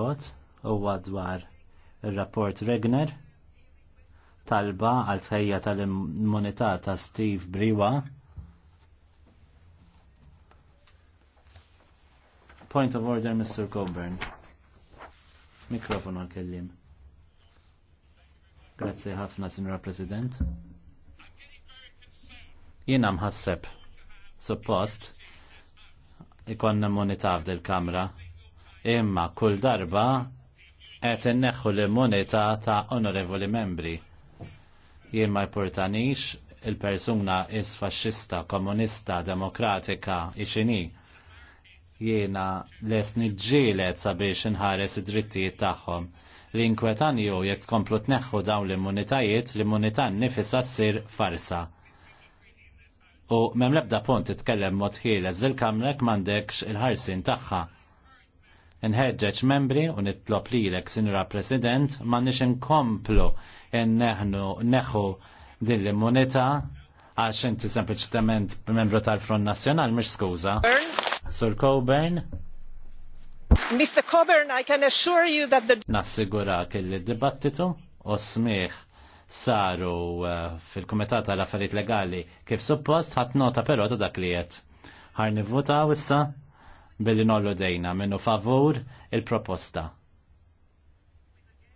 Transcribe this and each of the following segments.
Vot huwa dwar ir-rapport Regner talba għal tħejja tal-immunità ta' Steve Briwa. Point of order, Mr. Coburn. Mikrofon għal-kellim. Grazie ħafna, Sinra President. Jiena mħasseb, suppost, ikonna monita f'dil kamra imma kull darba qed neħu l-immunità ta' onorevoli membri. Jien ma jportanix il-persuna is faxxista, komunista, demokratika, iċini. Jiena les nġilet sabiex inħares id-drittijiet tagħhom. L-inkwetan jew jekk tkomplu tneħħu dawn l-immunitajiet, l-immunità nifisa ssir farsa. U mem lebda punt itkellem mod ħieles l-kamrek m'għandekx il-ħarsin tagħha nħedġeċ membri u nittlob li l President ma nix nkomplu neħnu neħu din l-immunità għax inti sempliċitament membru tal-Front Nazzjonal mux skuża. Sur Coburn. Mr. Coburn, I can assure you that the... Nassigura kelli dibattitu u smieħ saru uh, fil-Kumitat tal affarijiet Legali kif suppost ħat nota però ta' dak li qed. Ħar issa billi nollu dejna minnu favur il-proposta.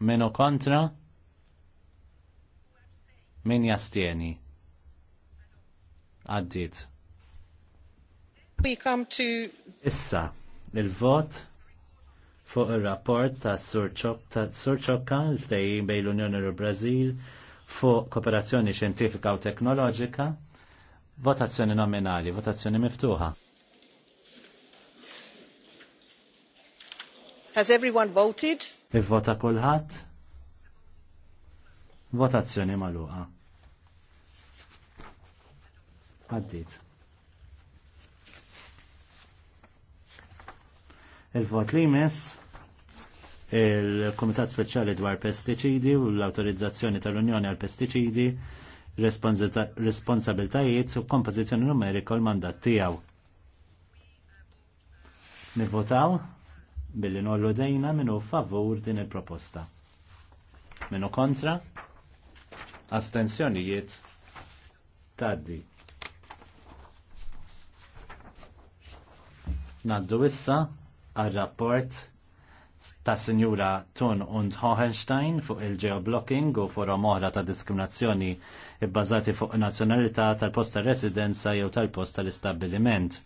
Minnu kontra min jastieni. Għaddit. Issa, il-vot fuq il-rapport ta' Surċokka l-ftejjin bejn l-Unjoni u Brażil fuq kooperazzjoni xjentifika u teknoloġika, votazzjoni nominali, votazzjoni miftuħa. Has everyone voted? Ivvota kulħadd? Votazzjoni magħluqa. Għaddit. Il-vot li jmiss il kumitat Speċjali dwar Pestiċidi u l-Autorizzazzjoni tal-Unjoni għal Pestiċidi, responsabiltajiet u kompożizzjoni numerika l-mandat tiegħu. Nivvotaw? billi nollu dejna minnu favur din il-proposta. Minnu kontra, astensjonijiet taddi. Naddu issa għal-rapport ta' Sinjura Tun und Hohenstein fuq il-geoblocking u fora moħra ta' diskriminazzjoni bbażati fuq nazzjonalità tal-posta residenza jew tal-posta l-istabbiliment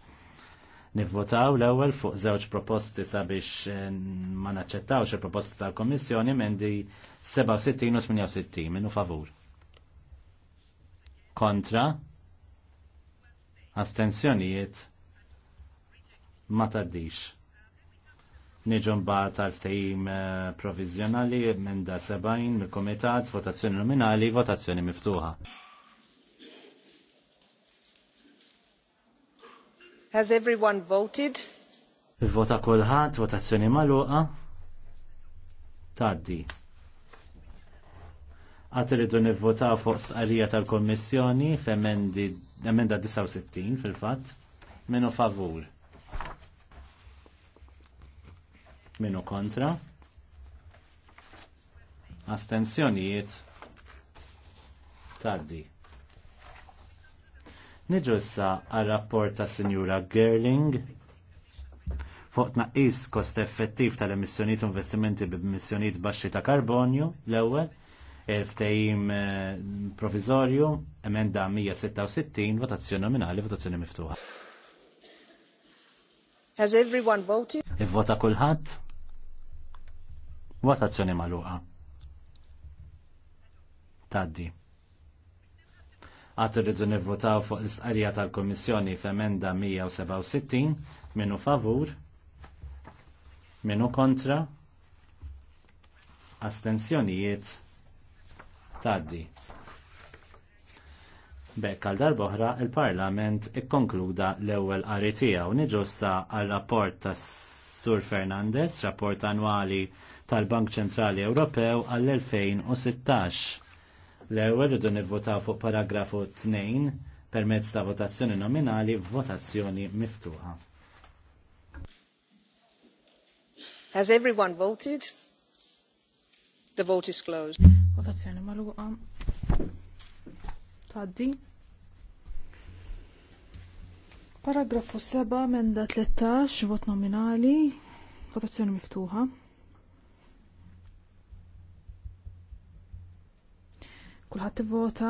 nivvotaw l-ewwel fuq żewġ proposti sabiex eh, ma naċċettawx il-proposti tal-Kommissjoni mendi 67 u 68 minnu favur. Kontra Astenzjonijiet? ma taddix. Niġu mbagħad għal-ftehim eh, provizjonali minn da 70 mill-Kumitat votazzjoni nominali, votazzjoni miftuħa. Has everyone voted? Vota kolħat, votazzjoni maluqa. Taddi. Għat irridu nivvota fuq stqarrija tal-Kommissjoni emenda 69 fil-fatt. Minu favur. Minu kontra. Astenzjonijiet. Taddi. Niġu issa għal-rapport ta' Sinjura Gerling fuq naqis kost effettiv tal-emissjonijiet investimenti b'emissjonijiet baxxi ta' karbonju l-ewwel il-ftehim eh, provizorju emenda 166 votazzjoni nominali votazzjoni miftuħa. Has everyone voted? Ivvota kulħadd? Votazzjoni magħluqa. Taddi għat rridu nivvotaw fuq l-istqarija tal-Komissjoni f'emenda 167 minnu favur, minnu kontra, astensjonijiet taddi. Bekk għal darboħra il-Parlament ikkonkluda l-ewwel qari tiegħu niġussa għal rapport tas Sur Fernandez, rapport annwali tal-Bank Ċentrali Ewropew għall-2016. L-ewwel irridu nivvotaw fuq paragrafu 2 permezz ta' votazzjoni nominali votazzjoni miftuħa. Has everyone voted? The vote is closed. Votazzjoni magħluqa. Taddi. Paragrafu 7, menda 13, vot nominali, votazzjoni miftuħa. Kulħadd ivvota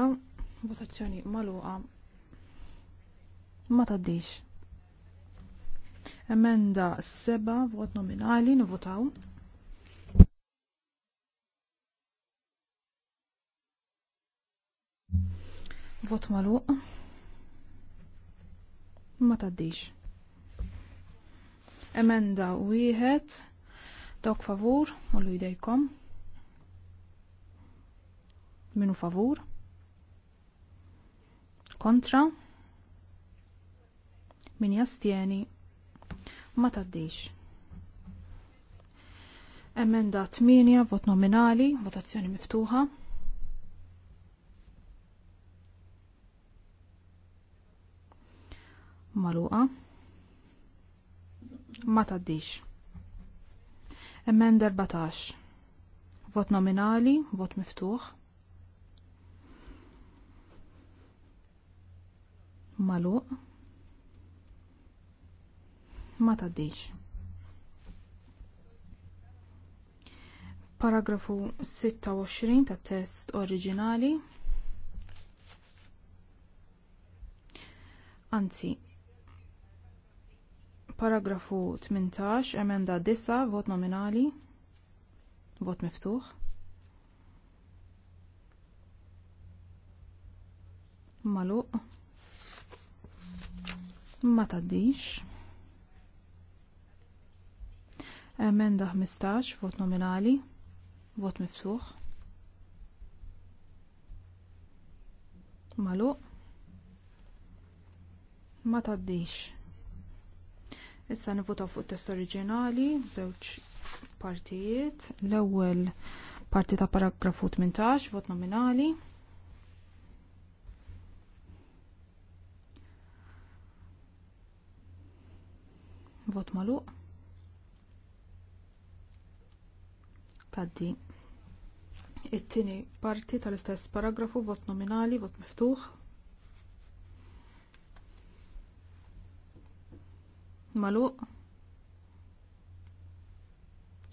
votazzjoni magħluqa ma taddix. Emenda seba' vot nominali nivvotaw. Vot magħluq ma taddix. Emenda wieħed dawk favur u jdejkom. Minu favur? Kontra? Min jastieni? Ma taddix. Emenda 8, vot nominali, votazzjoni miftuħa. Maluqa. Ma taddix. Emenda 14. Vot nominali, vot miftuħ. maluq ma taddix. Paragrafu 26 tat test oriġinali. Anzi, paragrafu 18, emenda 9, vot nominali, vot miftuħ. Maluq ma taddix. Emenda 15, vot nominali, vot miftuħ. Malu. Ma taddix. Issa nivvotaw fuq test oriġinali, żewġ partijiet. L-ewwel parti ta' paragrafu 18, vot nominali, Vot maluq. Taddi. It-tieni parti tal-istess paragrafu vot nominali, vot miftuħ. Maluq.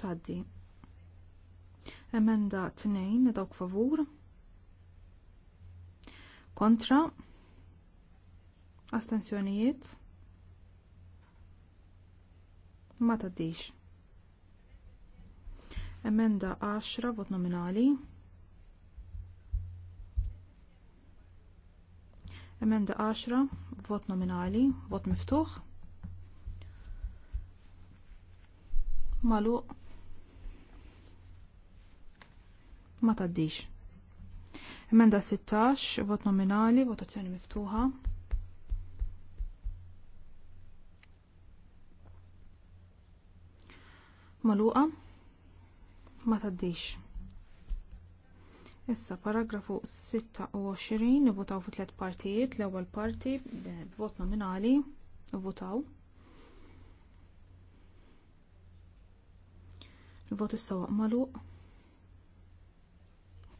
Taddi. Emenda t-nejn, dawk favur. Kontra. Astensjonijiet ma taddix. Emenda 10 vot nominali. Emenda 10 vot nominali, vot miftuħ. Malu ma taddix. Emenda 16 vot nominali, votazzjoni miftuħa. Maluqa? Ma taddix. Issa paragrafu 26 nivutaw fi tliet partijiet, l-ewwel parti b'vot nominali votaw. Il-vot is-sewaq magħluq.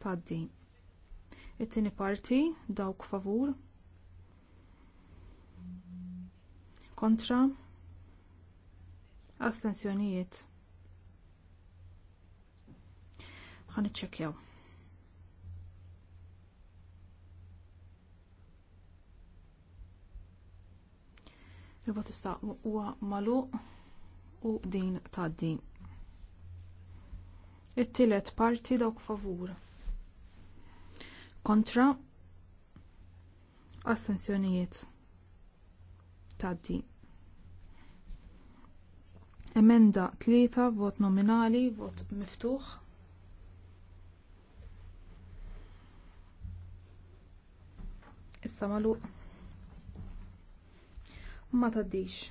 Tgħaddi. It-tieni parti dawk favur. Kontra. Astensjonijiet. ħaniċċekjaw. Il-vot issa huwa magħluq u din tgħaddi. It-tielet parti dawk favur. Kontra astensjonijiet tgħaddi. Emenda tlieta vot nominali, vot miftuħ. issa magħluq. Ma taddix.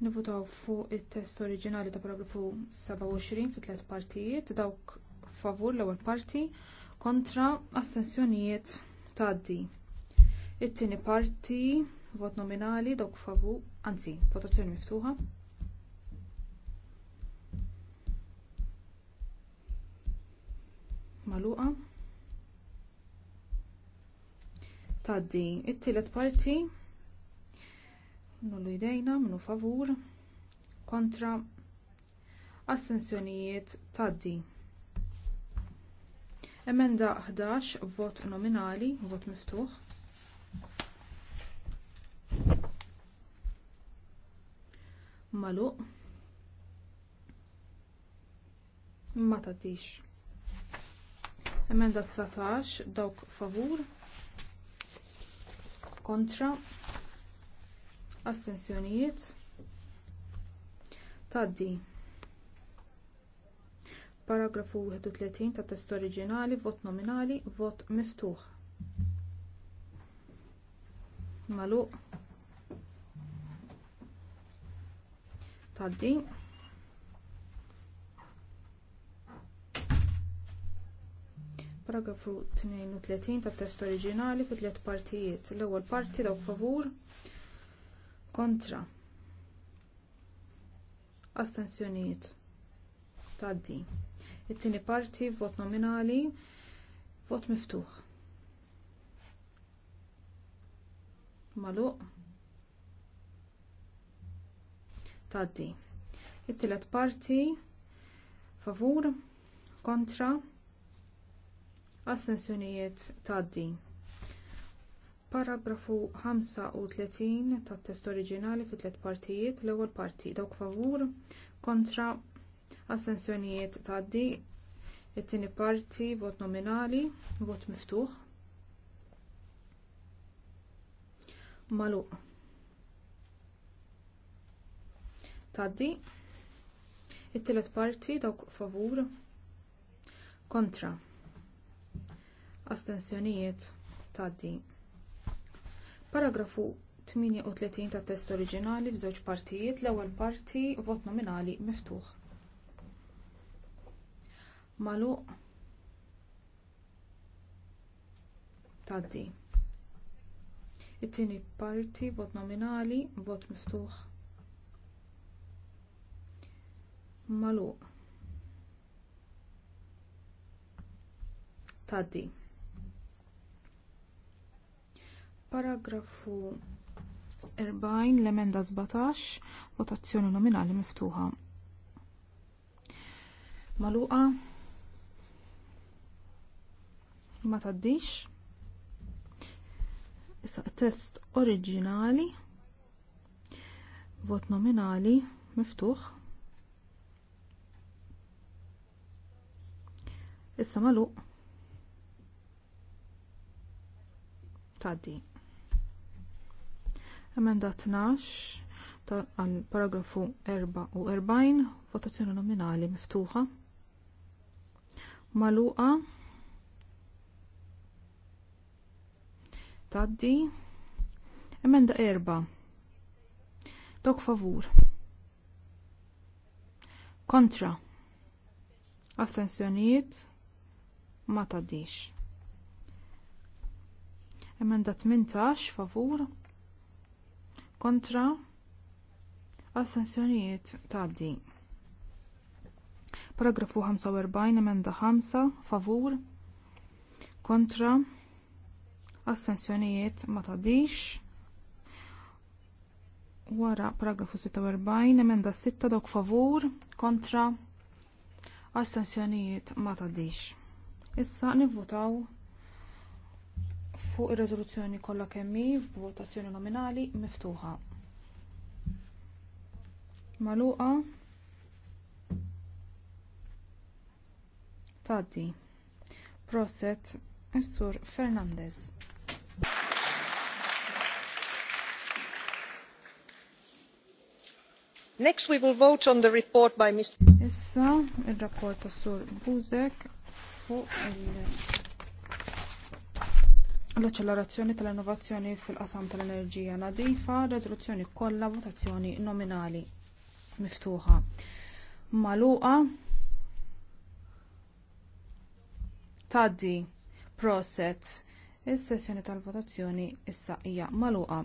Nivutaw fuq it-test oriġinali ta' paragrafu 27 fi tliet partijiet, dawk favur l-ewwel parti kontra astensjonijiet tgħaddi. It-tieni parti vot nominali dawk favur, anzi, votazzjoni miftuħa. Maluqa. taddi. It-tielet parti nullu jdejna minnu favur kontra astensjonijiet taddi. Emenda 11 vot nominali, vot miftuħ. Malu. Ma tatix. Emenda 19 dawk favur kontra astensjonijiet taddi paragrafu 31 tat test oriġinali vot nominali vot miftuħ magħluq Taddi. Paragrafu 32 tat test oriġinali fi tliet partijiet. L-ewwel parti dawk favur kontra astensjonijiet D. It-tieni parti vot nominali vot miftuħ. Maluq. D. It-tielet parti favur kontra astensjonijiet tgħaddi. Paragrafu 35 tat test oriġinali fi tliet partijiet l-ewwel parti dawk favur kontra astensjonijiet tgħaddi. It-tieni parti vot nominali, vot miftuħ. Maluq. Taddi. It-tielet parti dawk favur kontra astensjonijiet tgħaddi. Paragrafu 38 tat test oriġinali f'żewġ partijiet l-ewwel parti vot nominali miftuħ. Maluq Taddi. It-tieni parti vot nominali vot miftuħ. Maluq Taddi. Paragrafu 40 l-emenda 17 votazzjoni nominali miftuħa. Maluqa ma taddix. Issa test oriġinali vot nominali miftuħ. Issa maluq taddi. Emenda 12 għal paragrafu 4 u 44 votazzjoni nominali miftuħa. Maluqa. Taddi. Emenda 4. Dok favur. Kontra. Astensjonijiet. Ma taddix. Emenda 18 favur kontra astensjonijiet tgħaddi. Paragrafu 45 emenda 5 favur kontra għal-sanzjonijiet ma tadix, Wara paragrafu 46 emenda 6 dawk favur kontra għal-sanzjonijiet ma tadix. Issa nivvotaw fuq ir reżoluzzjoni kollha kemm hi b'votazzjoni nominali miftuħa. Maluqa Taddi. Proset Is-Sur Fernandez. Next we will vote on the report by Mr. Issa, il-rapport tas Sur Buzek fuq il- l-accelerazzjoni tal-innovazzjoni fil-qasam tal-enerġija nadifa, rezoluzzjoni kollha votazzjoni nominali miftuħa. Maluqa taddi proset is-sessjoni tal-votazzjoni issa hija maluqa.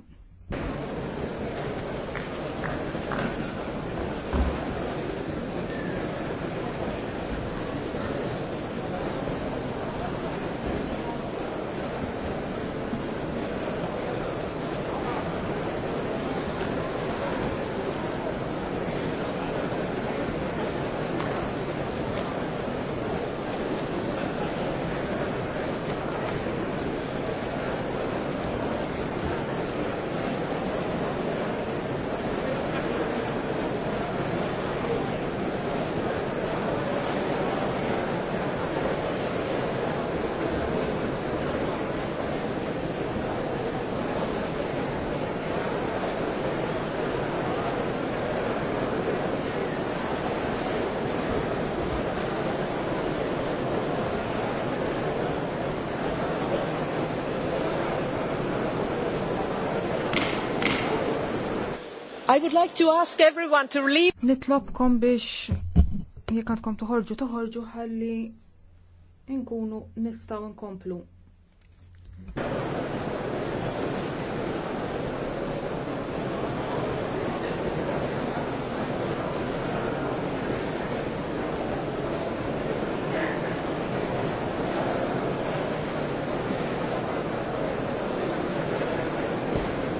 I would like to ask everyone to leave. Nitlobkom biex jekk għandkom toħorġu toħorġu ħalli nkunu nistgħu nkomplu.